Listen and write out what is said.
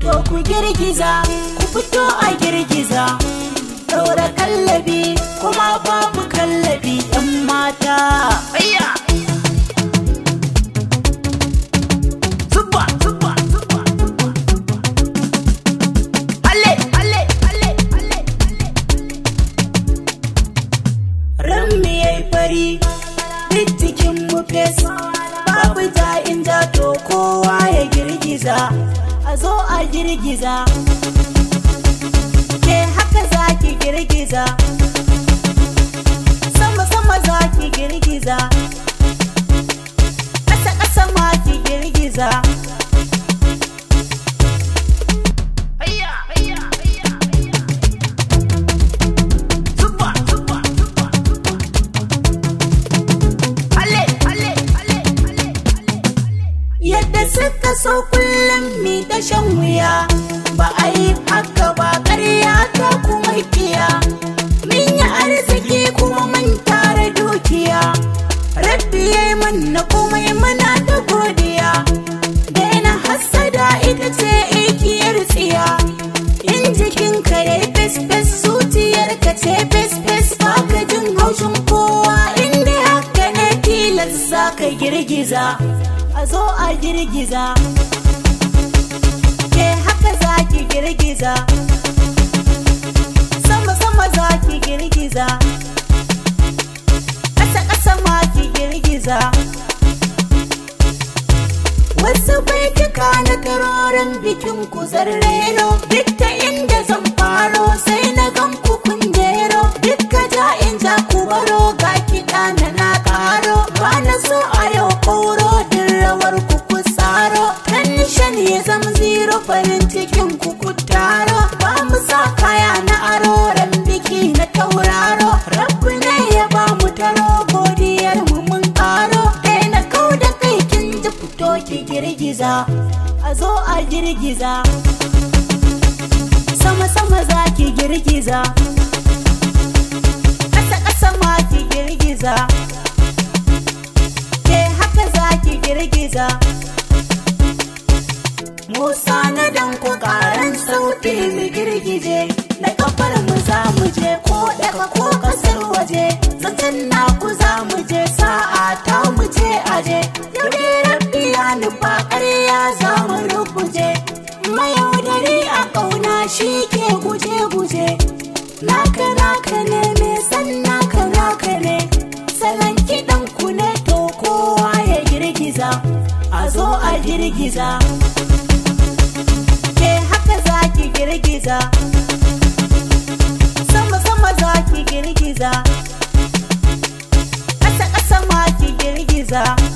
To ku girgiza, ku fito a girgiza. Ɗora kallabi, kuma babu kallabi ‘yan mata. Ayya! yayi fari, duk jikin mu fes. Babu ja in ja to kowa ya girgiza. a zo a girgiza ke haka za girgiza sama sama zaki girgiza ƙasa ƙasa ma ki girgiza suka so kullum mi da shan wuya ba a yi haka ba ƙarya ta kuma kiya min yi arziki kuma mun tara dukiya rabbi ya yi mana kuma yi mana da godiya daina hassada ita ce ikiyar tsiya in jikin kare fesfes fes zuciyar ka ce fesfes ba ka jin haushin kowa inda haka ne tilas ka girgiza a zo a girgiza ke haka za ki girgiza sama sama za ki girgiza ƙasa ƙasa ma ki girgiza wasu bai kika na karorin bikin ku no duk ta girgiza a zo a girgiza sama sama za ki girgiza ƙasa ƙasa ma ki girgiza ke haka za ki girgiza musa na dan ƙaran sauti mu girgije da kafar mu za mu je ko daga ko naka naka ne me san naka naka ne salon kiɗan ku to kowa ya girgiza a zo a girgiza ke haka za ki girgiza sama sama za ki girgiza ƙasa ƙasa ma ki girgiza